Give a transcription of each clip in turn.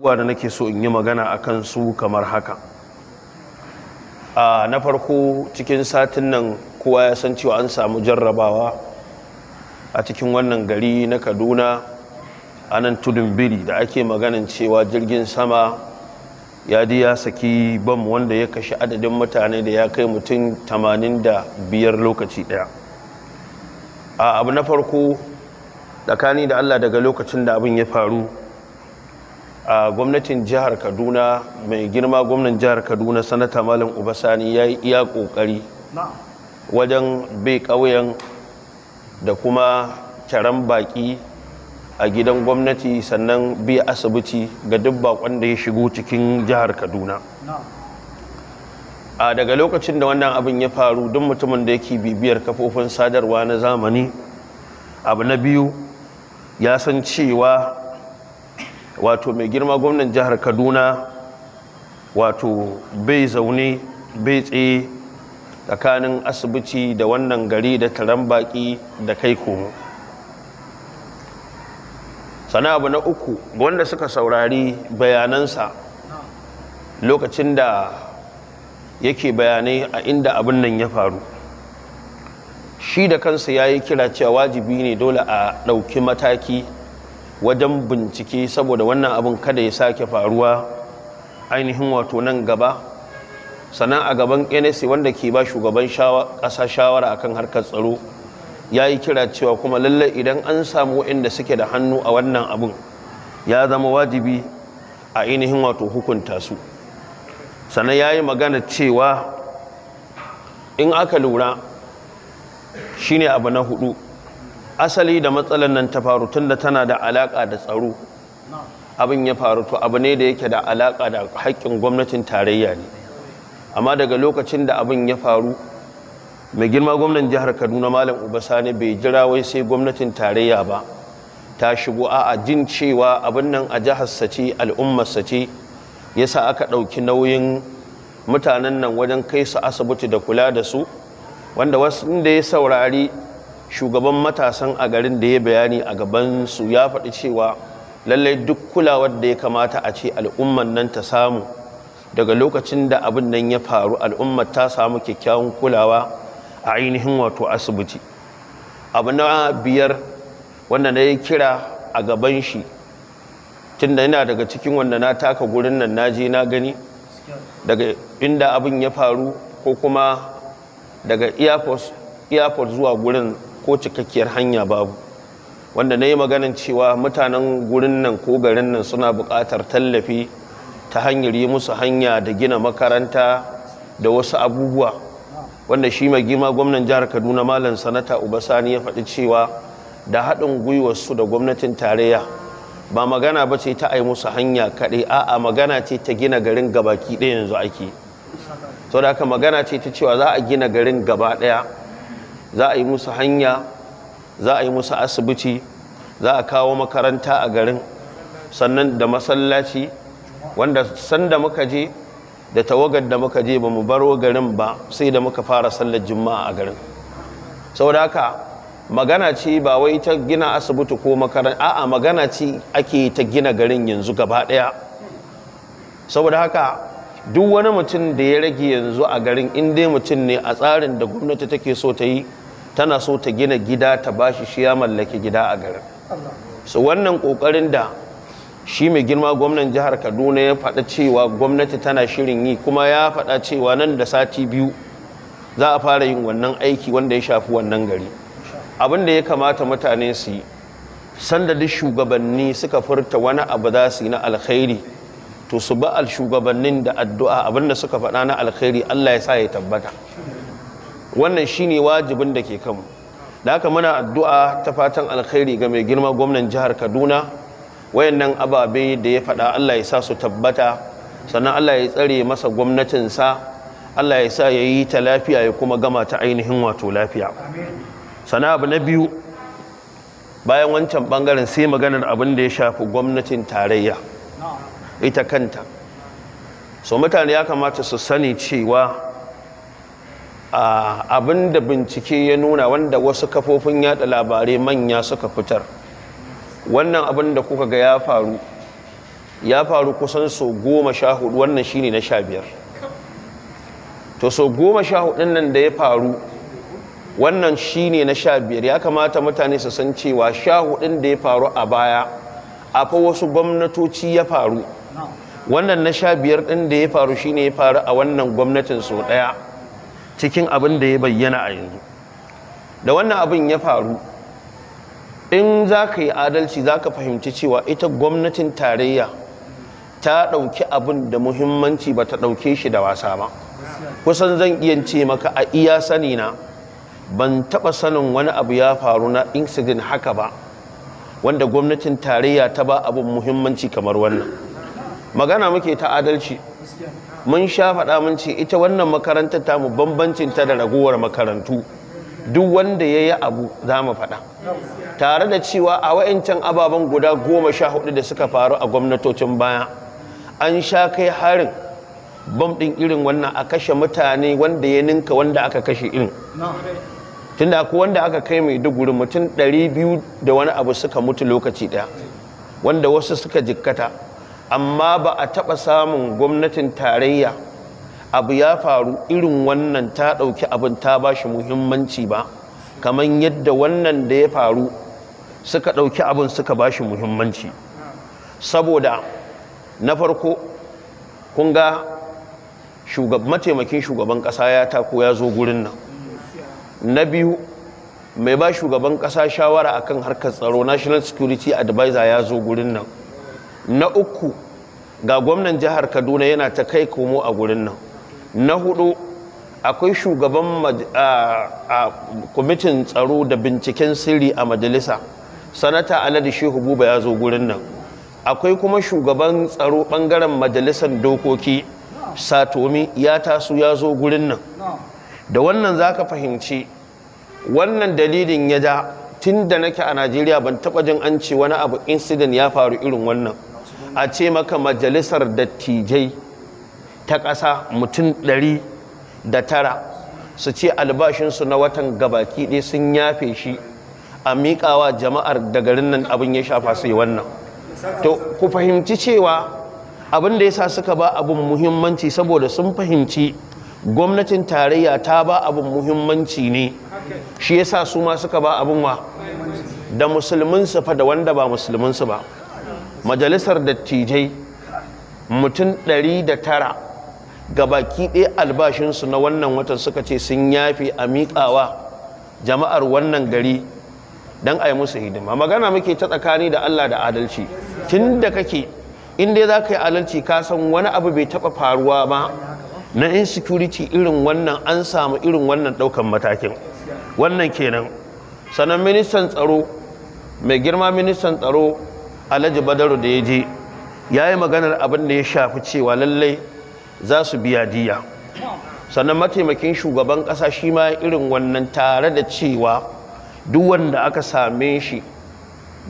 abubuwa da nake so in yi magana a kan su kamar haka a na farko cikin satin nan kowa ya san cewa an samu jarrabawa a cikin wannan gari na kaduna a nan tudun biri da ake maganin cewa jirgin sama ya di ya saki bam wanda ya kashe adadin mutane da ya kai mutum 85 lokaci daya a abu na farko tsakani da allah daga lokacin da abin ya faru a gwamnatin jihar kaduna mai girma gwamnan jihar kaduna sanata malam ubasani ya yi iya kokari wajen bai ƙauyen da kuma kyaran baƙi a gidan gwamnati sannan bi asibiti ga duk bakon da ya shigo cikin jihar kaduna a daga lokacin da wannan abin ya faru duk mutumin da yake bibiyar kafofin sadarwa na zamani abu na biyu ya san cewa wato mai girma gwamnan jihar kaduna wato bai zaune bai tsaye tsakanin asibiti da wannan gari da taron baki da kai komo sana abu na uku wanda suka saurari bayanansa lokacin da yake bayanai a inda abin nan ya faru shi da kansa ya yi kira cewa wajibi ne dole a ɗauki mataki wajen bincike saboda wannan abin kada ya sake faruwa ainihin wato nan gaba sannan a gaban nsa wanda ke ba shugaban kasa shawara akan harkar tsaro ya yi kira cewa kuma lallai idan an samu waɗanda suke da hannu a wannan abin ya zama wajibi a ainihin wato hukunta su sannan ya yi magana cewa in aka lura shine abu na hudu asali da matsalar nan ta faru tunda tana da alaka da tsaro abin ya faru to abu ne da yake da alaka da haƙƙin gwamnatin tarayya ne amma daga lokacin da abin ya faru mai girma gwamnan jihar kaduna malam sani bai jira wai sai gwamnatin tarayya ba ta shigo a jin cewa abin nan a jihar sace al'ummar sace yasa aka ɗauki nauyin mutanen nan wajen kai su asibiti da kula da su wanda wasu da ya saurari shugaban matasan a garin da ya bayani a gabansu ya faɗi cewa lallai duk kulawar da ya kamata a ce al'umman nan ta samu daga lokacin da abin nan ya faru al'ummar ta samu kyakkyawan kulawa a ainihin wato asibiti abu na biyar wanda na yi kira a gaban shi tun da yana daga cikin wanda na taka gurin nan na je na gani daga inda abin ya faru ko kuma daga airport zuwa gurin ko cikakkiyar hanya babu wanda na yi maganin cewa mutanen gurin nan ko garin nan suna buƙatar tallafi ta hanyar yi musu hanya da gina makaranta da wasu abubuwa wanda shi mai gima gwamnan jihar kaduna malam sanata ubasani ya faɗi cewa da haɗin gwiwarsu da gwamnatin tarayya ba magana ba ce ta ai musu hanya kaɗai a'a magana ce ta gina garin gabaki ɗaya yanzu ake to da aka magana ce ta cewa za a gina garin gaba ɗaya za a yi musu hanya za a yi musu asibiti za a kawo makaranta a garin sannan da masallaci wanda sanda muka je da tawagar da muka je ba mu baro garin ba sai da muka fara sallar juma'a a garin saboda haka magana ce ba wai ta gina asibiti ko makaranta a'a magana ce ake ta gina garin yanzu gaba ɗaya saboda haka duk wani mutum da ya rage yanzu a garin in dai mutum ne a tsarin da gwamnati take so ta yi tana so ta gina gida ta bashi shi ya mallaki gida a garin su wannan kokarin da shi mai girma gwamnan jihar kaduna ya faɗa cewa gwamnati tana shirin yi kuma ya faɗa cewa nan da sati biyu za a fara yin wannan aiki wanda ya shafi wannan gari abin da ya kamata mutane su yi sanda duk shugabanni suka furta wani abu za su yi na alkhairi to su ba al shugabannin da addu'a abin da suka faɗa na alkhairi allah ya sa ya tabbata wannan shi ne wajibin da ke kanmu da haka muna addu'a ta fatan alkhairi ga mai girma gwamnan jihar Kaduna wayannan ababe da ya faɗa Allah ya sa su tabbata sannan Allah ya tsare masa gwamnatinsa Allah ya sa ya yi ta lafiya ya kuma gama ta ainihin wato lafiya sana abu na biyu bayan wancan bangaren sai maganar abin da ya shafi gwamnatin tarayya ita kanta so mutane ya kamata su sani cewa abinda abinda bincike ya nuna wanda wasu kafofin yada labarai manya suka fitar wannan abinda kuka ga ya faru ya faru kusan so goma sha hudu wannan shine na sha biyar to so goma sha hudun nan da ya faru wannan shine na sha biyar ya kamata mutane su san cewa sha hudun da ya faru a baya akwai wasu gwamnatoci ya faru wannan na sha biyar ɗin da ya faru shine ya faru a wannan gwamnatin so ɗaya cikin abin da ya bayyana a yanzu da wannan abin ya faru in za ka yi adalci za ka fahimci cewa ita gwamnatin tarayya ta ɗauki abin da muhimmanci ba ta ɗauke shi da wasa ba kusan zan iya ce maka a iya sani na ban taɓa sanin wani abu ya faru na incident haka ba wanda gwamnatin tarayya ta ba abin muhimmanci kamar wannan magana muke ta adalci mun sha faɗa mun ce ita wannan makarantar ta mu bambancin ta da ragowar makarantu duk wanda ya yi abu za mu faɗa tare da cewa a wa'incan ababen guda goma sha hudu da suka faru a gwamnatocin baya an sha kai harin bam ɗin irin wannan a kashe mutane wanda ya ninka wanda aka kashe irin tun da wanda aka kai mai duguri mutum 200 da wani abu suka mutu lokaci ɗaya wanda wasu suka jikkata amma ba a taɓa samun gwamnatin tarayya abu ya faru irin wannan ta ɗauki abin ta ba shi muhimmanci ba kamar yadda wannan da ya faru suka ɗauki abin suka ba shi muhimmanci saboda na farko kun ga mataimakin shugaban ƙasa ya tako ya zo gurin nan na biyu mai ba shugaban ƙasa shawara akan harkar tsaro national security advisor ya zo gurin nan na uku ga gwamnan jihar kaduna yana ta kai komo a gurin nan na hudu akwai shugaban kwamitin tsaro da binciken sirri a majalisa sanata aladu shehu buba ya zo gurin nan akwai kuma shugaban tsaro bangaren majalisar dokoki satomi ya taso ya zo gurin nan da wannan za ka fahimci wannan dalilin ya ja tun da nake a najeriya ban taɓa jin an ce wani abu incident ya faru irin wannan a ce maka majalisar dattijai ta ƙasa mutum ɗari da tara su ce albashinsu na watan gabaki ɗaya sun yafe shi a miƙawa jama'ar da garin nan abin ya shafa su yi wannan to ku fahimci cewa abin da ya sa suka ba abin muhimmanci saboda sun fahimci gwamnatin tarayya ta ba abin muhimmanci ne shi ya sa su ma suka ba abin wa da musulminsu fa da wanda ba musulminsu ba majalisar dattijai mutum 109 ga baki ɗaya albashinsu na wannan watan suka ce sun yafi a miƙawa jama'ar wannan gari don a yi musu hidima magana muke ta tsakani da allah da adalci tun da kake inda za ka yi adalci ka san wani abu bai taɓa faruwa ba na insecurity irin wannan an samu irin wannan ɗaukan matakin wannan kenan sanan ministan tsaro mai girma ministan tsaro alhaji badaru da ya je ya yi maganar abin da ya shafi cewa lallai za su biya diya sannan mataimakin shugaban ƙasa shi ma irin wannan tare da cewa duk wanda aka same shi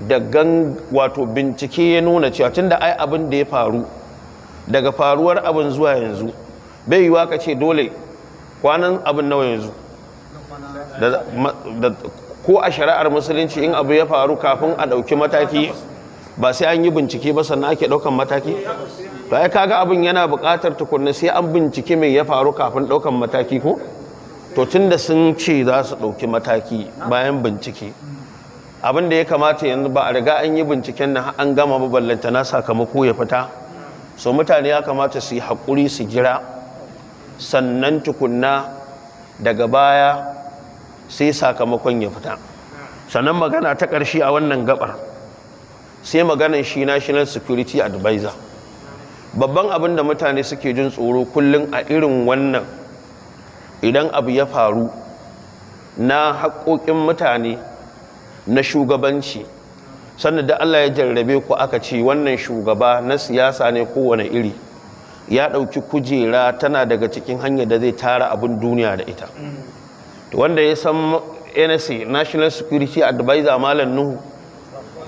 da gan wato bincike ya nuna cewa tunda ai abin da ya faru daga faruwar abin zuwa yanzu bai yi ka ce dole kwanan abin nawa yanzu ko a shari'ar musulunci in abu ya faru kafin a ɗauki mataki ba sai an yi bincike ba sannan ake ɗaukan mataki to ai kaga abin yana buƙatar tukunna sai an bincike mai ya faru kafin ɗaukan mataki ko to tunda sun ce za su ɗauki mataki bayan bincike abin da ya kamata yanzu ba a riga an yi binciken nan an gama ballanta na sakamako ya fita so mutane ya kamata su yi haƙuri su jira sannan tukunna daga baya sai sakamakon ya fita sannan magana ta ƙarshe a wannan gabar sai maganan shi national security advisor babban abin da mutane suke jin tsoro kullum a irin wannan idan abu ya faru na haƙoƙin mutane na shugabanci sannan da Allah ya jarrabe ku aka ce wannan shugaba na siyasa ne kowane iri ya ɗauki kujera tana daga cikin hanyar da zai tara abin duniya da ita wanda ya san nsa national security advisor malam nuhu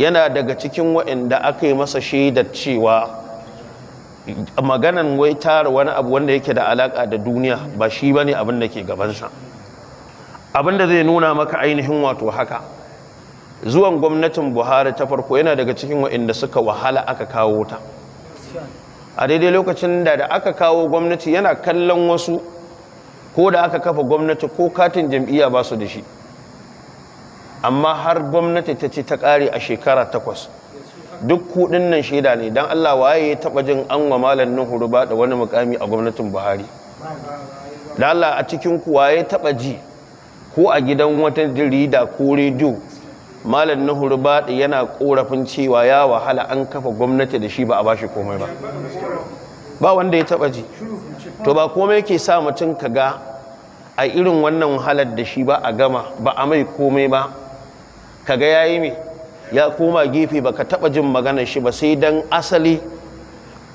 yana daga cikin waɗanda aka yi masa shaidar cewa maganan wai tara wani abu wanda yake da alaƙa da duniya ba shi ba ne abin da ke gabansa abin da zai nuna maka ainihin wato haka zuwan gwamnatin buhari ta farko yana daga cikin wa'inda suka wahala aka kawo ta a daidai lokacin da da aka kawo gwamnati yana kallon wasu ko da aka kafa gwamnati ko katin jam'iyya ba su da shi amma har gwamnati ta ce ta ƙare a shekara takwas duk kuɗin nan shaida ne don Allah waye ya taɓa jin an wa malam Nuhu ba da wani mukami a gwamnatin Buhari da Allah a cikin kuwa ya taɓa ji ko a gidan wata jarida ko rediyo malam Nuhu ba da yana korafin cewa ya wahala an kafa gwamnati da shi ba a bashi komai ba ba wanda ya taɓa ji to ba komai ke sa mutum ka ga a irin wannan wahalar da shi ba a gama ba a mai komai ba kaga yayi me ya koma gefe baka taba jin maganar shi ba sai dan asali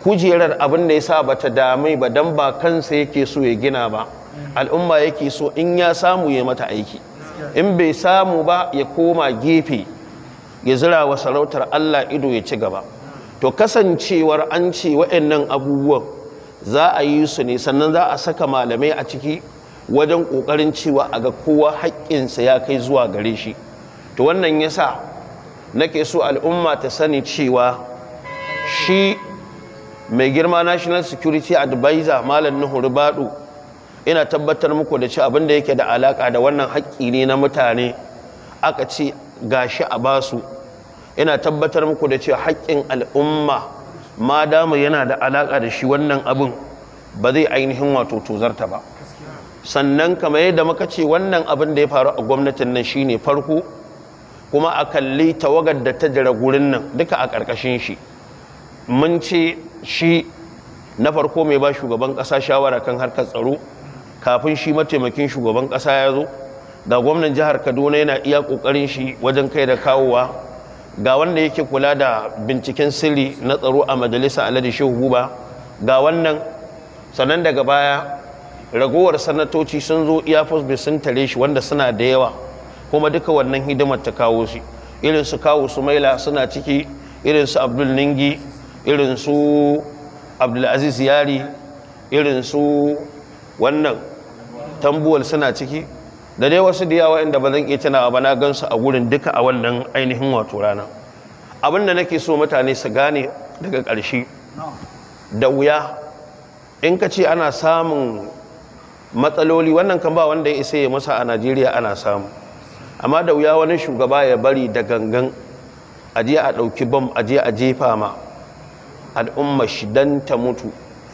kujerar abin da yasa bata dami ba dan ba kansa yake so ya gina ba al'umma yake so in ya samu ya mata aiki in bai samu ba ya koma gefe ya zira wa sarautar Allah ido ya ci gaba to kasancewar an ce waɗannan abubuwan za a yi su ne sannan za a saka malamai a ciki wajen kokarin cewa a ga kowa haƙƙinsa ya kai zuwa gare shi to wannan yasa nake so al'umma ta sani cewa shi mai girma national security advisor malam nuhu rubadu ina tabbatar muku da ci abin yake da alaka da wannan haƙƙi ne na mutane aka ce shi a basu ina tabbatar muku da cewa haƙƙin al'umma ma dama yana da alaƙa da shi wannan abin ba zai ainihin wato tozarta ba sannan kamar yadda muka ce wannan abin da ya faru a gwamnatin nan shine farko kuma a kalli tawagar da ta jira gurin nan duka a ƙarƙashin shi mun ce shi na farko mai ba shugaban ƙasa shawara kan harkar tsaro kafin shi mataimakin shugaban ƙasa ya zo ga gwamnan jihar kaduna yana iya ƙoƙarin shi wajen kai da kawowa ga wanda yake kula da binciken sirri na tsaro a majalisa alade shehu buba ga wannan sannan daga baya ragowar sanatoci sun zo iya fosbe sun tare shi wanda suna da yawa kuma duka wannan hidimar ta kawo shi irin su kawo su maila suna ciki irin su abdul ningi irin su abdulaziz yari irin su wannan tambuwal suna ciki da dai wasu da yawa inda ba zan iya tana ba na gansu a gurin duka a wannan ainihin wato rana abin da nake so mutane su gane daga ƙarshe da wuya in ka ce ana samun matsaloli wannan kan ba wanda ya isa ya masa a najeriya ana samu amma da wuya wani shugaba ya bari da gangan aje a ɗauki bam aje a jefa ma al'umma shi dan ta mutu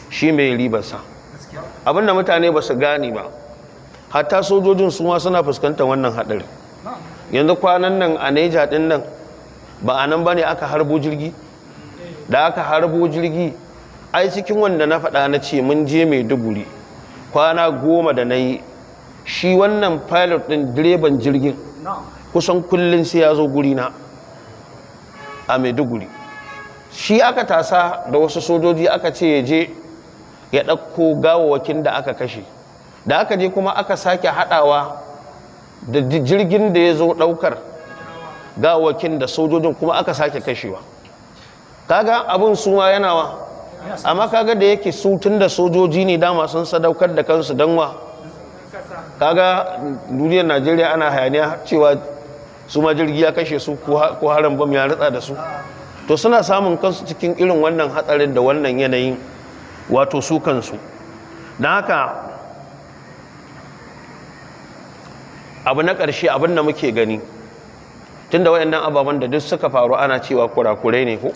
shi mai ribarsa abinda mutane ba su gane ba hatta sojojin su ma suna fuskantar wannan haɗari yanzu kwanan nan a neja ɗin nan ba a nan ba ne aka harbo jirgi da aka harbo jirgi ai cikin wanda na faɗa na ce mun je mai duburi kwana goma da na yi shi wannan pilot ɗin direban jirgin kusan kullum sai ya zo guri na a maiduguri shi aka tasa da wasu sojoji aka ce ya je ya ɗauko gawawakin da aka kashe da aka je kuma aka sake haɗawa da jirgin da ya zo ɗaukar gawawakin da sojojin kuma aka sake kashewa kaga abin suma yana wa amma kaga da yake su tun da sojoji ne dama sun sadaukar da kansu don wa kaga duniyar najeriya ana hayaniya cewa su ma jirgi ya kashe su ko harin bam ya ritsa da su to suna samun kansu cikin irin wannan hatsarin da wannan yanayin wato su kansu don haka abu na ƙarshe abin da muke gani tun da wayannan ababen da duk suka faru ana cewa kurakurai ne ko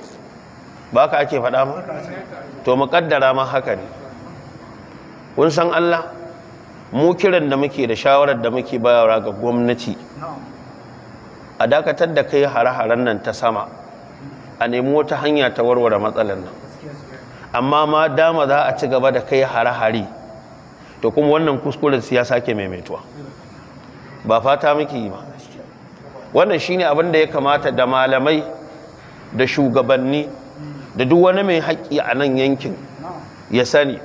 ba ka ake faɗa ma to muƙaddara ma haka ne kun san Allah mu kiran da muke da shawarar da muke bayarwa ga gwamnati a dakatar da kai hare-haren nan ta sama a nemi wata hanya ta warware matsalar nan amma ma dama za a ci gaba da kai hare-hare to kuma wannan kuskuren siyasa ke maimaituwa ba fata muke yi ba wannan shine abin da ya kamata da malamai da shugabanni da duk wani mai haƙƙi a nan yankin ya sani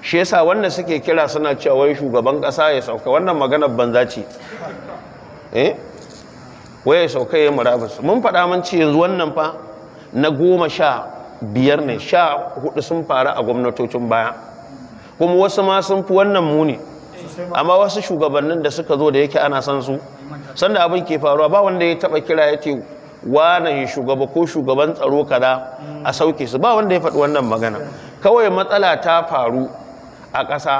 shi yasa wanda suke kira suna cewa wai shugaban kasa ya sauka wannan maganar banza ce eh wai sauka ya murabus mun faɗa mun ce yanzu wannan fa na goma sha biyar ne sha hudu sun fara a gwamnatocin baya kuma wasu ma sun fi wannan muni amma wasu shugabannin da suka zo da yake ana san su sanda abin ke faruwa ba wanda ya taba kira ya ce wane shugaba ko shugaban tsaro kaza a sauke su ba wanda ya faɗi wannan magana kawai matsala ta faru a ƙasa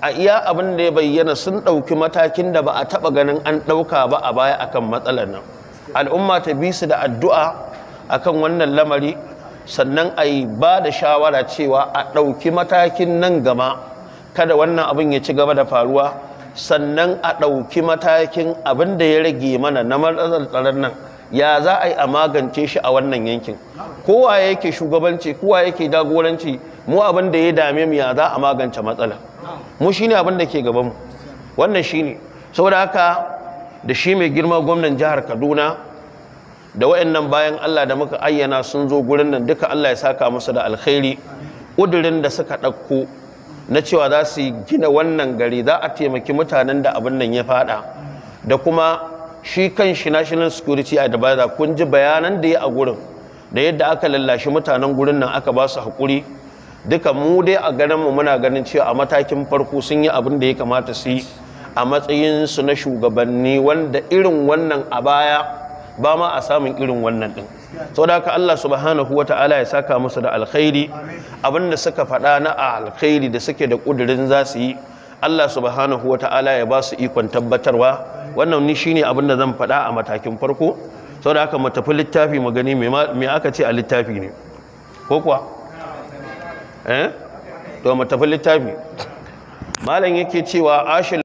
a iya abin da ya bayyana sun ɗauki matakin da ba a taɓa ganin an ɗauka ba a baya akan matsalar nan al'umma ta bi su da addu'a akan wannan lamari sannan a yi ba da shawara cewa a ɗauki matakin nan gama kada wannan abin ya ci gaba da faruwa sannan a ɗauki matakin abin da ya rage mana na matsalar nan ya za a yi a magance shi a wannan yankin kowa yake shugabanci kowa yake dagoranci mu abin da ya dame mu ya za a magance matsala mu shine abin da ke gaban mu wannan shine saboda haka da shi mai girma gwamnan jihar Kaduna da wayannan bayan Allah da muka ayyana sun zo gurin nan duka Allah ya saka musu da alkhairi ƙudurin da suka ɗauko na cewa za su gina wannan gari za a taimaki mutanen da abin nan ya fada da kuma shi kan shi national security advisor kun ji bayanan da ya a gurin da yadda aka lallashi mutanen gurin nan aka ba su haƙuri duka mu dai a mu muna ganin cewa a matakin farko sun yi abin da ya kamata su yi a su na shugabanni wanda irin wannan a baya ba ma a samun irin wannan din sau da haka Allah subhanahu ta'ala ya saka musu da alkhairi abin da suka faɗa na a alkhairi da suke da ƙudurin za su yi Allah subhanahu ta'ala ya ba su ikon tabbatarwa wannan ni shine abin da zan faɗa a matakin farko saboda haka mu tafi littafi mu gani me aka ce a littafi ne ko kuwa eh to mu littafi malam yake cewa ashil